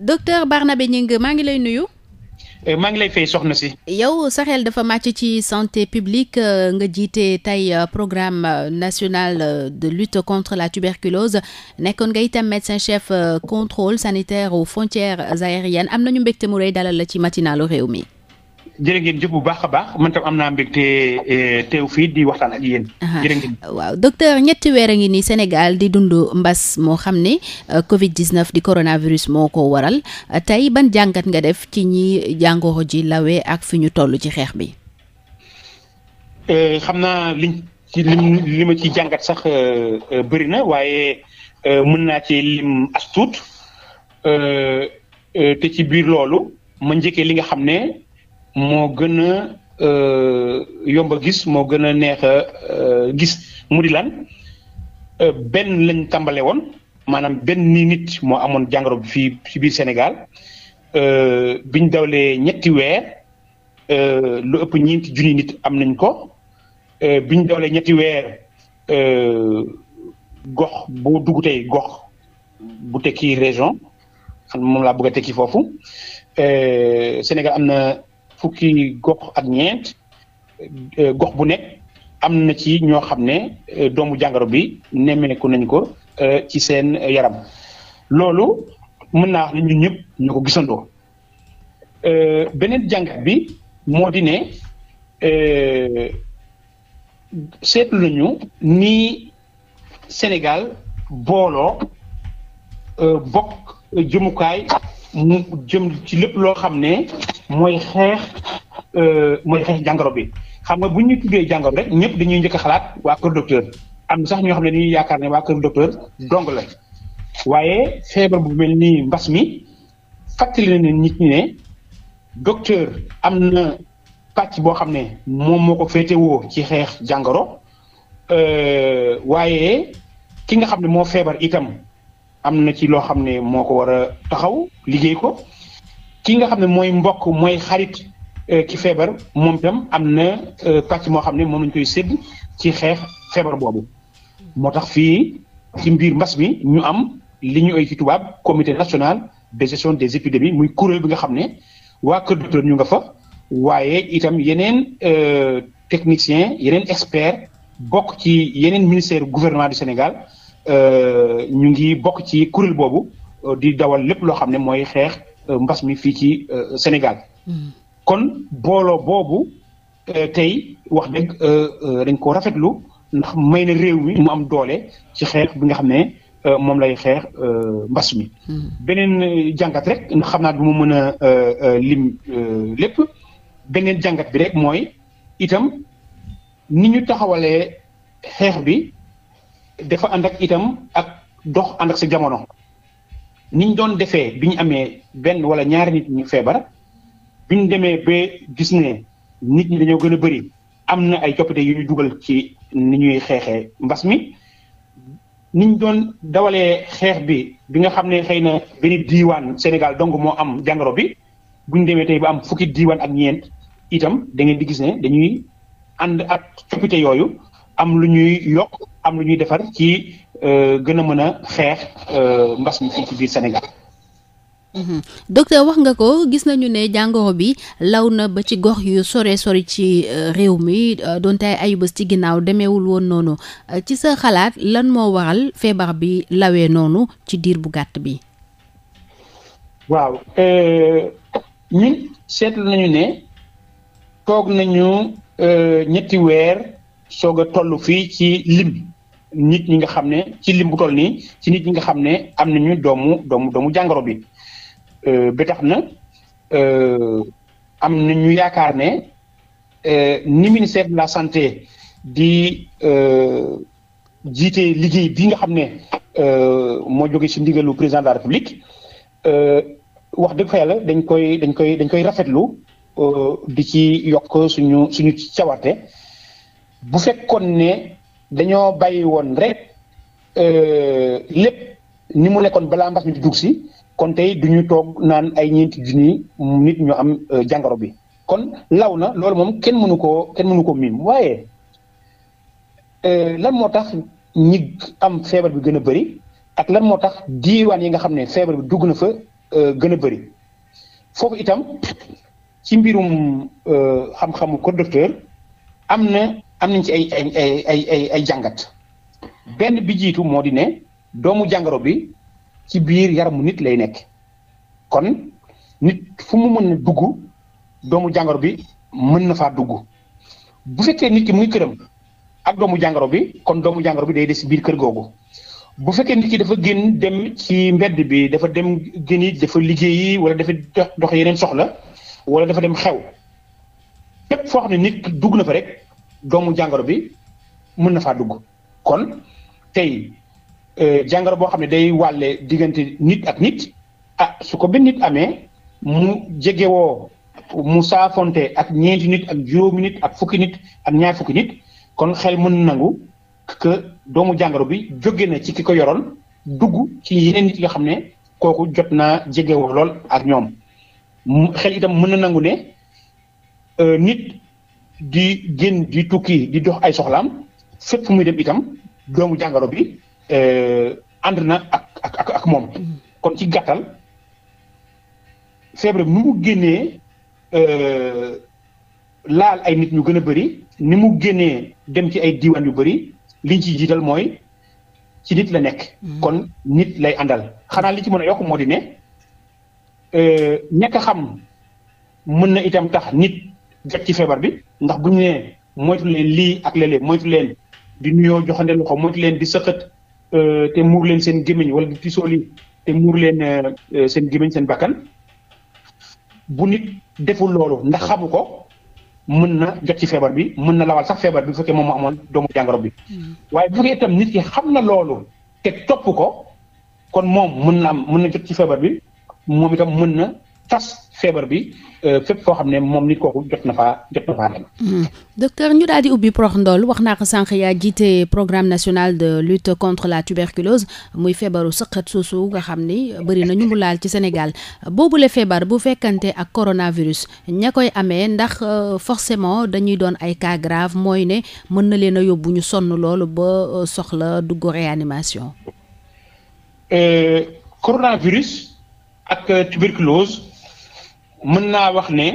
docteur Barnabé Gningue maa ngi lay nuyu. Eh, maa ngi si. yow sa xel dafa màcc ci santé publique euh, nga jiite tey euh, programme euh, national de lutte contre la tuberculose nekkoon nga itam médecin chef contrôle sanitaire aux frontières aériennes am na ñu mbégte mu rëy dalal la ci matinalu réew mi. jërë ngeen jëf bu baax a baax man tam am naa mbégte e, teew fii di waxtaan ak yéen. waaw docteur ñetti weer a ngi nii Sénégal di dund mbas moo xam ne euh, Covid 19 di coronavirus moo ko waral tey ban jàngat nga def ci ñi jàngoro ji lawe ak fi ñu toll ci xeex bi. E, xam naa liñ ci lim li ci jàngat sax e, bëri na waaye mën naa ci lim as te ci biir loolu ma njëkkee li nga xam ne. moo gën a euh, yomb gis moo gën a neex euh, gis mu lan euh, benn lañ tàmbale woon maanaam benn nii nit moo amoon jàngoro bi fii ci biir Sénégal biñ dawlee ñetti weer lu ëpp ñeenti junni nit am nañ ko biñ dawlee ñetti weer gox bu dugg tey gox bu tekki région moom laa bëgg a tekki foofu Sénégal am na fukki gox ak ñeent euh, gox bu nekk am na ci ñoo xam ne euh, doomu jàngoro bi nemmeeku nañ ko euh, ci seen yaram loolu mën naa wax ne ñun ñëpp ñu ko gisandoo beneen jàngat bi moo di ne seetlu nañu ni Sénégal booloo bokk jëmukaay mu jëm ci lépp loo xam ne mooy xeex euh, mooy xeex jàngoro bi xam nga bu ñu tuddee jàngoro rek ñëpp dañuy njëkk xalaat waa kër docteur am na sax ñoo xam ne ñu yaakaar ne waa kër docteur dong la waaye feebar bu mel ni mbas mi fàttali na nit ñi ne docteur am na pàcc boo xam ne moom moo ko féetewoo ci xeex jàngoro euh, waaye ki nga xam ne moo feebar itam. am na ci loo xam ne moo ko war a taxaw liggéey ko ki nga xam ne mooy mbokk mooy xarit euh, ki feebar moom tam am na euh, pàcc moo xam ne moom lañ koy sédd ci xeex feebar boobu moo tax fii ci mbir mbas mi ñu am li ñu oy ci tubaab comité national de gestion des épidémies muy kuréel bi nga xam ne waa kër docteur ñu nga fa waaye itam yeneen euh, technicien yeneen expert bokk ci yeneen ministère gouvernement du Sénégal Euh, ñu ngi bokk ci kuréel boobu euh, di dawal lépp loo xam ne mooy xeex euh, mbas mi fii ci Sénégal. Hmm. kon booloo boobu tey wax dëgg dañ ko rafetlu ndax may na réew mi mu am doole ci xeex bi nga xam ne moom lay xeex mbas mi. Hmm. beneen jàngat rek xam naa du ma mën a lim lépp beneen jàngat bi rek mooy itam ni ñu taxawalee xeex bi. defa ànd ak itam ak dox ànd ak sa jamono niñ doon defee bi ñu amee benn wala ñaari nit ñu feebar bi ñu demee ba gis ne nit ñi dañoo gën a bëri am na ay coppite yu ñu dugal ci ni ñuy xeexee mbas mi niñ doon dawalee xeex bi bi nga xam ne xëy na benn diiwaan Sénégal donc moo am jàngoro bi bu demee tey ba am fukki diiwaan ak ñeent itam da ngeen di gis ne dañuy ànd ak coppite yooyu am lu ñuy yokk am lu ñuy defar ci euh, gën a mën a xeex euh, mbas mi fii ci biir Sénégal. Mhm. docteur wax nga ko gis nañu ne jàngoro bi law na ba ci gox yu sore sori ci euh, réew mi donte ay ayubés ci ginnaaw demeewul woon noonu ci sa xalaat lan moo waral feebar bi lawee noonu ci diir bu gàtt bi. waaw ñun seetlu nañu ne toog nañu ñetti weer soog a fii ci lim nit ñi nga xam ne ci lim nii ci nit ñi nga xam ne am nañu doomu doomu doomu jàngoro bi euh, ba tax na euh, am nañu yaakaar ne euh, ni ministère de la santé di jiite liggéey bi nga xam ne moo jóge ci ndigalu président de la république wax dëgg fa yàlla dañ koy dañ koy dañ koy rafetlu di ci yokk suñu suñu cawarte bu fekkoon ne. dañoo bàyyi woon rek euh, lépp ni mu nekkoon balaa mbas mi di dugg si kon tey du ñu toog naan ay ñeenti junni nit ñoo am euh, jàngoro bi kon law na loolu moom kenn mënu koo kenn mënu ko miim waaye euh, lan moo tax ñi am feebar bi gën a bëri ak lan moo tax diiwaan yi nga xam ne feebar bi dugg na fa gën a bëri foofu itam ci mbirum xam-xamu ko docteur am na am nañ ci ay ay ay ay jàngat benn bi jiitu moo di ne doomu jàngoro bi ci biir yaramu nit lay nekk kon nit fu mu mën na dugg doomu jàngoro bi mën na faa dugg bu fekkee nit ki muy këram ak doomu jàngoro bi kon doomu jàngoro bi day des si biir kër googu bu fekkee nit ki dafa gën dem ci mbedd bi dafa dem gën génn dafa liggéeyi wala dafa dox dox yeneen soxla wala dafa dem xew képp foo xam ne nit dugg na fa rek doomu jàngoro bi mën na faa dugg kon tey euh, jàngaro boo xam ne day wàlle diggante nit ak nit a ah, su ko benn nit amee mu jegewoo mu saafonte ak ñeenti nit ak juróomi nit ak fukki nit ak ñaar fukki nit kon xel mën nangu que doomu jàngoro bi jóge na ci ki ko yoroon dugg ci yeneen nit yoo xam ne kooku jot naa jegewoo lool ak ñoom xel itam mën na nangu ne Euh, nit di génn di tukki di dox ay soxlaam fépp fu muy dem itam doomu jàngoro bi euh, ànd na ak ak moom kon ci gàttal feebar bi nu mu génnee euh, laal ay nit ñu gën a bëri ni mu génnee dem ci ay diiwaan yu bari liñ ci jiital mooy ci nit la nekk mm-hmm. kon nit lay àndal xanaa li ci mën a yokk moo di ne ñàkk xam mën na itam tax nit jot ci feebar bi ndax bu ñu nee moytu leen lii ak léeg-léeg moytu leen di nuyoo joxande loxo moytu leen di sëqat euh, te muur leen seen gémmiñ wala di tisooli leen euh, seen gémmiñ seen bakkan bu nit deful loolu ndax xamu ko mën na jot ci feebar bi mën na lawal sax feebar bi bu fekkee moom moo amoon doomu jàngoro bi. Hmm. waaye bu xam na loolu te topp ko moom mën na am mën na jot ci feebar bi moom itam mën na. tas feebar bi euh, fépp foo xam ne moom nit kooku jot na faa jot na faa dem. Hmm. docteur ñu daal di ubbi prox ndool wax naa ko sànq yaa jiite programme national de lutte contre la tuberculose muy feebaru sëqat suusu nga xam ni bari na ñu mu laal ci Sénégal boobule feebar bu fekkante ak coronavirus ña koy amee ndax euh, forcément dañuy doon ay cas grave mooy ne mën na leen a yóbbu ñu sonn loolu ba euh, soxla dugg réanimation. coronavirus ak tuberculose. mën naa wax ne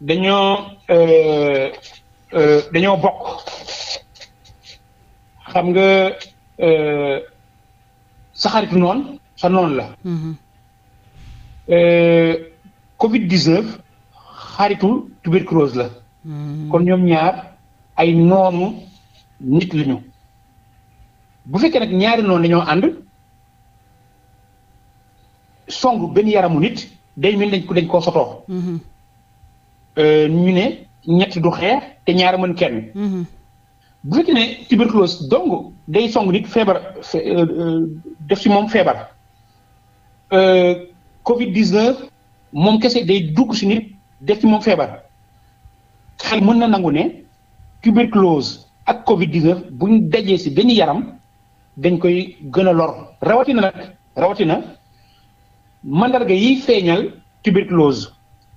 dañoo euh, euh, dañoo bokk xam nga euh, sa xarit noon sa noon la. Mm-hmm. Covid 19 xaritu tuberculose la. Mm-hmm. kon ñoom ñaar ay noonu nit lu ñu. bu fekkee nag ñaari noonu lañoo ànd songu benn yaramu nit. day mel dañ ko dañ koo sotoo mm-hmm. euh, ñu ne ñett du xeex te ñaar mën kenn mm-hmm. bu fekkee ne tuberculose dong day song nit feebar euh, euh, def ci moom feebar covid 19 moom kese day dugg ci nit def ci moom feebar xel mën na nangu ne tuberculose ak covid 19 buñ dajee ci benn yaram dañ koy gën a lor rawatina nag rawatina mandarga yi feeñal tuberculose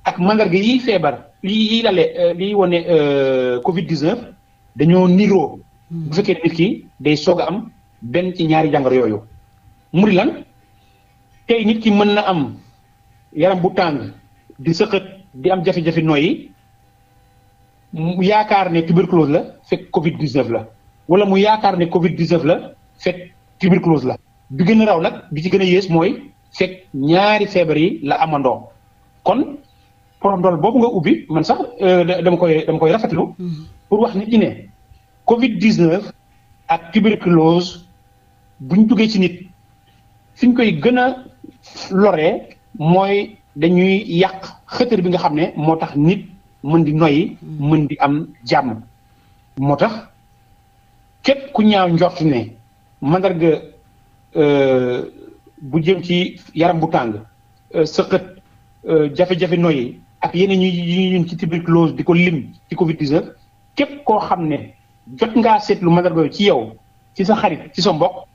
ak mandarga yi feebar lii yiy lale euh, liy wane euh, Covid 19 dañoo niroo. Hmm. bu fekkee nit ki day soog a am benn ci ñaari jàngoro yooyu. mu di lan tey nit ki mën na am yaram bu tàng di sëqët di am jafe-jafe nooyi mu yaakaar ne tuberculose la fekk Covid 19 la. wala mu yaakaar ne Covid 19 la fekk tuberculose la. bi gën a raw nag bi ci gën a yées mooy. fekk ñaari feebar yi la amandoo kon porondol boobu nga ubbi man sax euh, dama koy dama koy rafetlu mm-hmm. pour wax nit ñi ne Covid 19 ak tuberculose buñ duggee ci nit fiñ koy gën a loree mooy dañuy yàq xëtër bi nga xam ne moo tax nit mën di noyyi mm-hmm. mën di am jàmm moo tax képp ku ñaaw njort ne mandarga euh, bu jëm ci yaram bu tàng euh, sëqat euh, jafe-jafe noyyi ak yeneen ñuy yi ñun ci tuberculose di ko lim ci Covid 19 képp koo xam ne jot ngaa seetlu mandarga ci yow ci sa xarit ci sa mbokk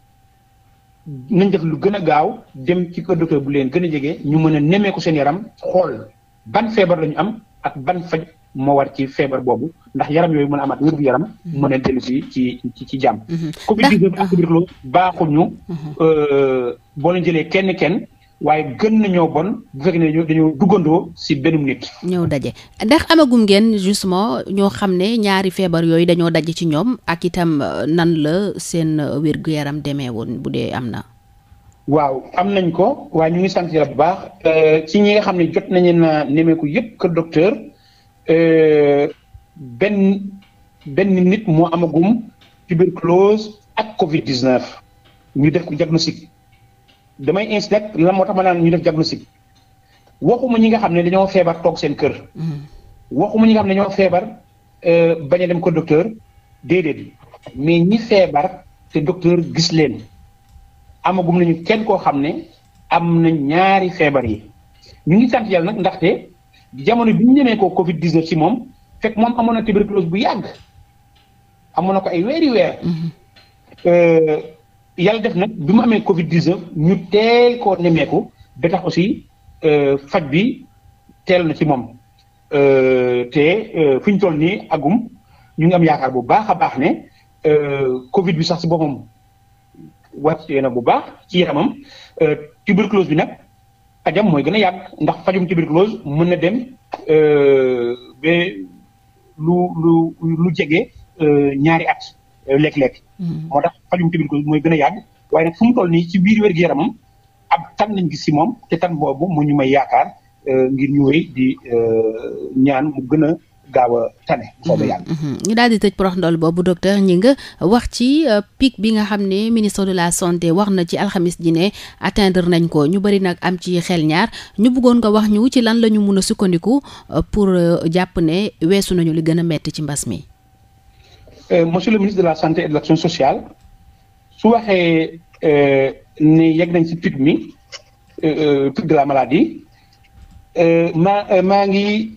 nañ def lu gën a gaaw dem ci kër bu leen gën a jege ñu mën a ko seen yaram xool ban feebar lañu am ak ban faj. moo war ci feebar boobu ndax yaram yooyu mën a amaat wér gu yaram mhm. mën a dellu si ci ci ci jàmm covid 19 ak biir loolu baaxuñu mhm. euh, boo leen jëlee kenn kenn waaye gën nañoo bon bu fekkee ne dañoo duggandoo si benn nit ñëw daje ndax amagum ngeen justement ñoo xam ne ñaari feebar yooyu dañoo daje ci ñoom ak itam euh, nan la seen euh, wér yaram demee woon bu dee am na waaw am nañ ko waaye ñu sant yàlla bu baax ci ñi nga xam ne jot nañu na nemeeku yëpp kër docteur Euh, benn benn nit moo amagum tuberculose ak Covid 19 ñu def ko diagnostic damay incité la moo tax ma naan ñu def diagnostic waxuma ñi nga xam ne dañoo feebar toog seen kër. Mm-hmm. waxuma ñi nga xam ne dañoo feebar euh, bañ a dem ko docteur déedéet mais ñi feebar te docteur gis leen amagum nañu kenn koo xam ne am na ñaari feebar yi ñu ngi sant yàlla nag ndaxte. jamono bi ñu ñemee ko Covid 19 moom fekk moom amoon na tuberculose bu yàgg amoon na ko ay weeri weer. Mhm. Euh, yàlla def nag bi mu amee Covid 19 ñu teel koo nemmeeku ba tax aussi euh, faj bi teel na ci moom euh, te fi ñu toll nii agum ñu ngi am yaakaar bu baax a baax ne Covid bi sax si boppam wàccee na bu baax ci yaramam tuberculose bi nag. ajam mooy gën a yàgg ndax fajum tuberculose mën na dem euh, ba lu lu lu jege euh, ñaari at euh, léeg-léeg. Mm-hmm. moo tax fajum tuberculose mooy gën a yàgg waaye nag fu mu toll nii ci biir wér-gu-yaramam ab tan lañ gis si moom te tan boobu moo ñu may yaakaar ngir ñu wéy di ñaan mu gën a. gaaw a tane. bu soobee mhm, yàlla. Mhm. ñu daal di tëj prox ndol boobu docteur nga wax ci euh, pic bi nga xam ne ministre de la santé wax na ci alxamis ji ne atteindre nañ ko ñu bëri nag am ci xel ñaar ñu buggoon nga wax ñu ci lan la ñu mun a sukkandiku euh, pour euh, jàpp ne weesu nañu li gën a metti ci mbas mi. monsieur le ministre de la santé et de l'action sociale su waxee ne yegg nañ ci pic mi pic de la maladie maa ngi.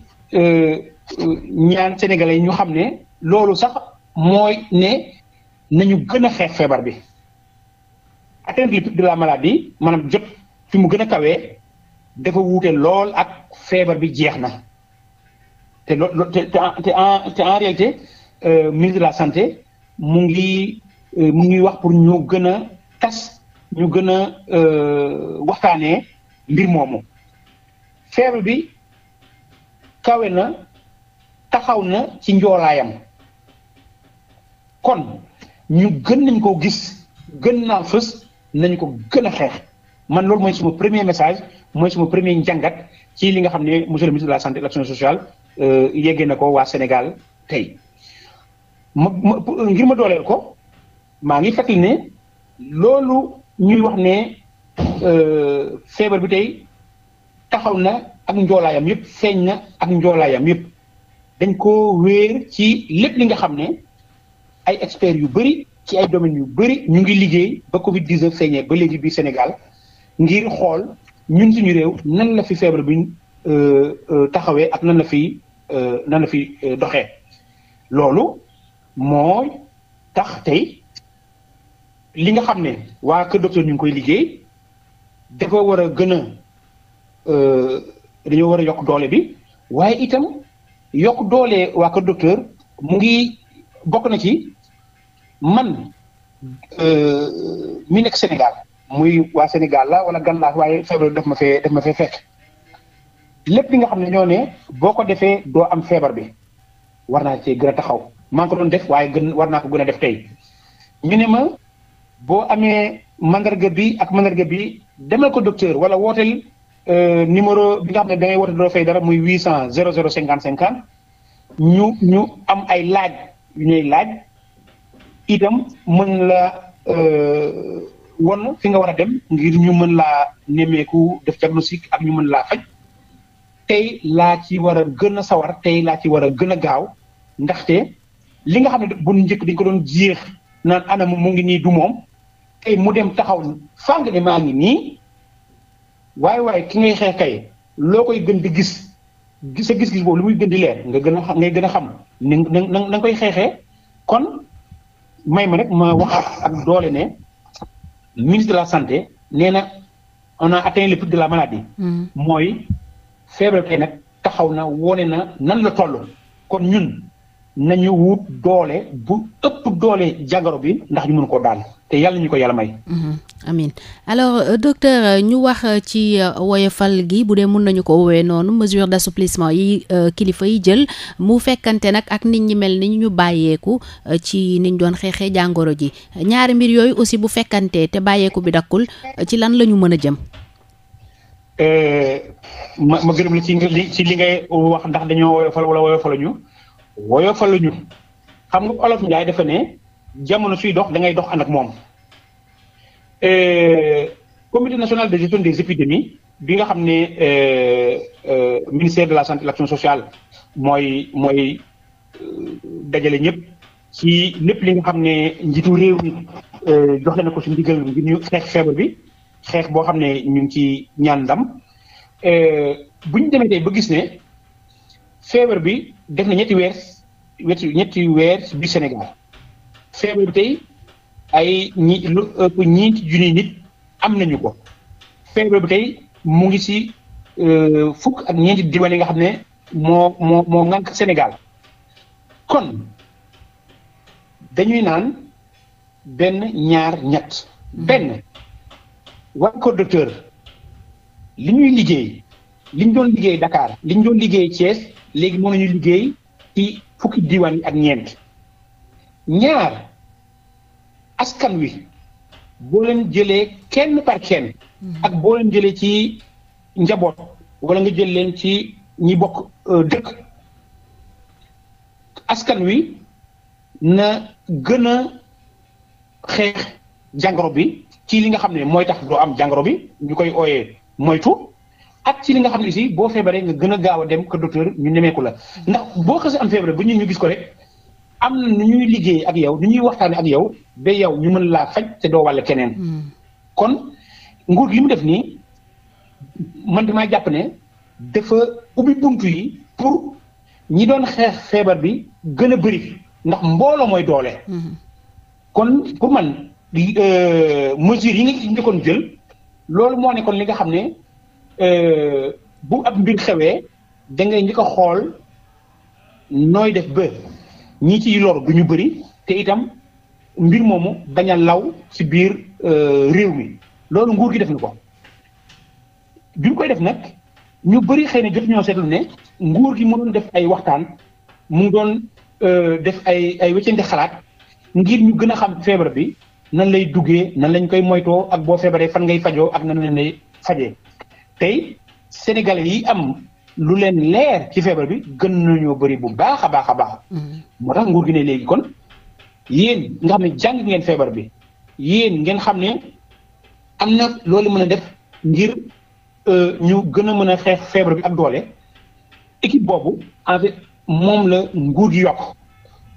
ñaan sénégalais yi ñu xam ne loolu sax mooy ne nañu gën a xeex feebar bi atteindre le pic de la maladie maanaam fi mu gën a kawee dafa lool ak feebar bi jeex na te loo te en te en réalité euh, ministre de la santé mu ngi euh, mu ngi wax pour ñu gën a tas ñu gën a euh, waxtaanee mbir moomu feebar bi kawe na. taxaw na ci njoolaayam kon ñu gën nañ koo gis gën naa fës nañ ko gën a xeex man loolu mooy suma premier message mooy suma premier njàngat ci li nga xam ne monsieur le de la santé et de l'action sociale euh, yeggee na ko waa Sénégal tey ma ngir ma dooleel ko maa ngi fàttali ne loolu ñuy wax ne euh, feebar bi tey taxaw na ak njoolaayam yëpp feeñ na ak njoolaayam yëpp dañ ko wéer ci lépp li nga xam ne ay experts yu bëri ci ay domaines yu bëri ñu ngi liggéey ba Covid 19 feeñee ba léegi biir Sénégal ngir xool ñun suñu réew nan la fi feebar bi euh, euh, taxawee ak nan la fi euh, nan la fi doxee loolu mooy tax tey li nga xam ne waa kër docteur ñu ngi koy liggéey dafa war a gën a dañoo war a yokk doole bi waaye itam. yokk doole waa kër docteur mu ngi bokk na ci man euh, mi nekk Sénégal muy waa Sénégal la wala gànnaar waaye feebar daf ma fee daf ma fee fekk lépp li nga xam ne ñoo ne boo ko defee doo am feebar bi war naa ci gën a taxaw maa ngi ko def waaye gën war naa ko gën a def tey ñu ne ma boo amee mandarga bi ak mandarga bi demal ko docteur wala wooteel Euh, numéro bi nga xam ne da ngay woote doo fay dara muy 800 00 50 50 ñu ñu am ay laaj yu ñuy laaj itam mën la euh, won fi nga war a dem ngir ñu mën laa nemmeeku def diagnostic ak ñu mën la faj tey laa ci war a gën a sawar tey laa ci war a gën a gaaw ndaxte li nga xam ne bu njëkk dañ ko doon jeex naan anam mu ngi nii du moom tey mu dem taxaw fàng ne maa ngi nii waaye waaye ki ngay xeex kay loo koy gën di gis sa gis-gis boobu lu muy gën di leer nga gën a xam ngay gën a xam ni na nga koy xeexe kon may ma rek ma waxaat ak doole ne ministre de la santé nee na on a atteint le de la maladie. Hmm. mooy feebar tey nag taxaw na wone na nan la toll. kon ñun nañu wut doole bu ëpp doole jàngoro bi ndax ñu mën koo daal. te yàlla ñu ko yàlla may. Mhm. amiin alors euh, docteur euh, ñu wax euh, ci woyofal gi bu dee mun nañu ko woowee noonu mesure d'assouplissement yi kilifa yi jël mu fekkante nag ak nit ñi mel ni ñu bàyyeeku ci niñ doon xeexee jàngoro ji ñaari mbir yooyu aussi bu fekkante te bàyyeeku bi dakkul ci lan la ñu mën a jëm. ma ma la ci li ngay wax ndax dañoo woyofal wala woyofaluñu woyofaluñu xam nga olof Njaay dafa ne. jamono suy dox da ngay dox ànd ak moom euh, comité national de gestion des épidémies bi nga xam ne euh, euh, ministère de la santé et sociale mooy mooy dajale ñëpp ci lépp li nga xam ne njiitu réew mi jox leen ko ci ndigal ngir ñu xeex feebar bi xeex boo xam ne ñu ngi ci ñaan ndam bu ñu demee ba gis ne feebar bi def na ñetti weer ñetti weer bi Sénégal feebar tey ay ñi lu ëpp ñeenti junni nit am nañu ko feebar bi tey mu ngi ci euh, fukk ak ñeenti diwaan yi nga xam ne moo moo moo ŋànk Sénégal kon dañuy naan benn ñaar ñett hmm. benn war ko docteur li ñuy liggéey liñ doon liggéey Dakar li doon liggéey Thiès léegi moo nañu liggéey ci fukki diwaan yi ak ñeent ñaar askan wi boo leen jëlee kenn par kenn. Hmm. ak boo leen jëlee ci njaboot wala nga jël leen ci ñi bokk euh, dëkk askan wi na gën a xeex jàngoro bi ci li nga xam ne mooy tax doo am jàngoro bi ñu koy ooyee moytu ak ci li nga xam ne aussi boo feebaree nga gën a gaaw a dem kër docteur ñu nemeeku la hmm. ndax boo xasee am feebar bu ñun ñu gis ko rek. am na nu ñuy liggéey ak yow nu ñuy waxtaane ak yow ba yow ñu mën laa faj te doo wàll keneen. Hmm. kon nguur gi mu def nii man damaa jàpp ne dafa ubbi buntu yi pour ñi doon xeex feebar bi gën a bëri ndax mbooloo mooy doole. Hmm. kon pour man euh, mesures yi nga ci jël loolu moo nekkoon li nga xam ne euh, bu ab mbir xewee da ngay njëkk xool nooy def ba. ñii ci lor du ñu bëri te itam mbir moomu bañ law ci biir euh, réew mi loolu nguur gi def na ko bi ñu koy def nag ñu bëri xëy na jot ñoo seetlu ne nguur gi mu def ay waxtaan mu doon euh, def ay ay wëccante xalaat ngir ñu gën a xam feebar bi nan lay duggee nan lañ koy moytoo ak boo feebaree fan ngay fajoo ak nan lañ lay fajee tey sénégalais yi am lu leen leer ci feebar bi gën nañoo bari bu baax a baax baax. Mm-hmm. moo tax nguur gi ne léegi kon yéen nga xam ne jàng ngeen feebar bi yéen ngeen xam ne am na loolu mën a def ngir euh, ñu gën a mën a xeex feebar bi ak doole équipe boobu en moom la nguur gi yokk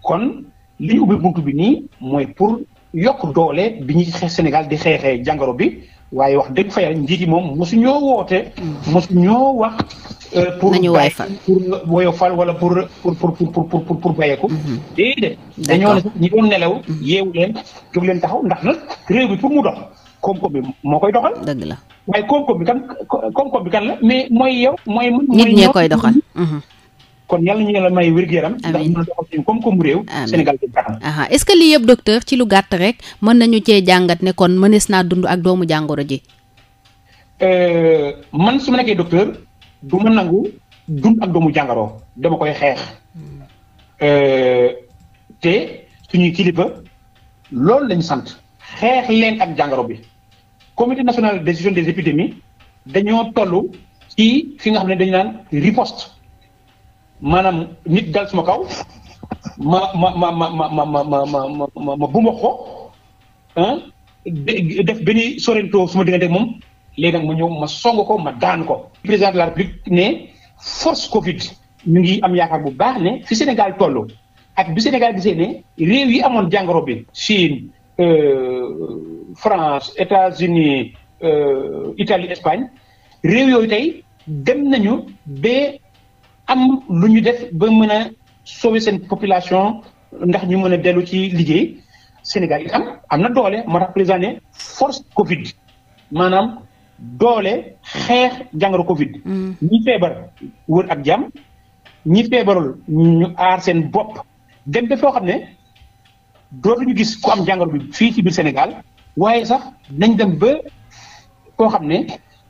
kon li ñu ubbi buntu bi nii mooy pour yokk doole bi ñu xeex Sénégal di xeexee jàngoro bi waaye wax dëgg fa yàlla njiit yi moom mosu ñoo woote. mosu ñoo wax. Euh, pour nañu waay fal pour woyofal wala pour pour pour pour pour bayeeku. Mhm. déedéet. dañoo ne ñi nelaw. Mhm. yeewu leen jóg leen taxaw ndax nag réew bi pour mu dox koom-koom bi moo koy doxal. dëgg la waaye koom-koom bi kan bi kan la mais mooy yow. mooy man mooy nit ñee koy doxal. Mhm. kon yàlla ñu yàlla may wér-gu-yaram ndax mën a koom-koomu réew Sénégal bi baax na ce que lii yëpp docteur ci lu gàtt rek mën nañu cee jàngat ne kon mënees naa dund ak doomu jàngoro ji euh, man su nekkee docteur du ma nangu ak doomu jàngoro dama koy xeex hmm. euh, te suñuy kilifa loolu lañu sant xeex leen ak jàngoro bi comité national de gestion des épidémies dañoo toll ci fi nga xam ne dañu naan riposte maanaam nit dal suma kaw ma ma ma ma ma ma ma ma ma ma ma bu ma ko ah def benn sorento suma diggante moom léegi nag ma ñëw ma song ko ma daan ko. président de la république ne force Covid ñu ngi am yaakaar bu baax ne fi Sénégal toll ak bi Sénégal gisee ne réew yi amoon jàngoro bi Chine France États-Unis Italie Espagne réew yooyu tey dem nañu ba. am lu ñu def ba mën a sauver seen population ndax ñu mën a dellu ci liggéey Sénégal itam am am na doole moo tax président ne force Covid maanaam doole xeex jàngaro Covid. Mm. ñi feebar wër ak jàmm ñi feebarul ñu aar seen bopp dem ba foo xam ne ñu gis ko am jàngoro bi fii ci biir Sénégal waaye sax nañ dem ba koo xam ne.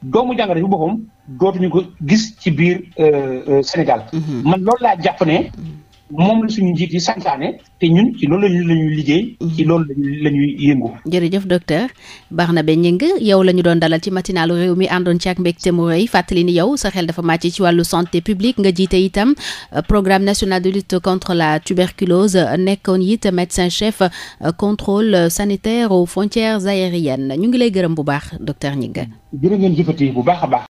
doomu jàngoro bi boppam dootuñu ko gis ci biir euh, euh, Sénégal. Mm-hmm. man loolu laa jàpp ne. Mm-hmm. moom la suñu njiit yi santaane te ñun ci loolu lañu la ñuy liggéey. Mhm. ci loolu la ñuy yëngu. jërëjëf docteur Barnabé Gningue yow la ñu doon dalal ci matinalu réew mi àndoon ci ak mbégte mu rëy fàttali ni yow sa xel dafa màcc ci wàllu santé publique nga jiite itam euh, programme national de lutte contre la tuberculose nekkoon it médecin chef euh, contrôle sanitaire aux frontières aériennes ñu ngi lay gërëm bu baax docteur Gningue. jërë ngeen jëfati bu baax a baax.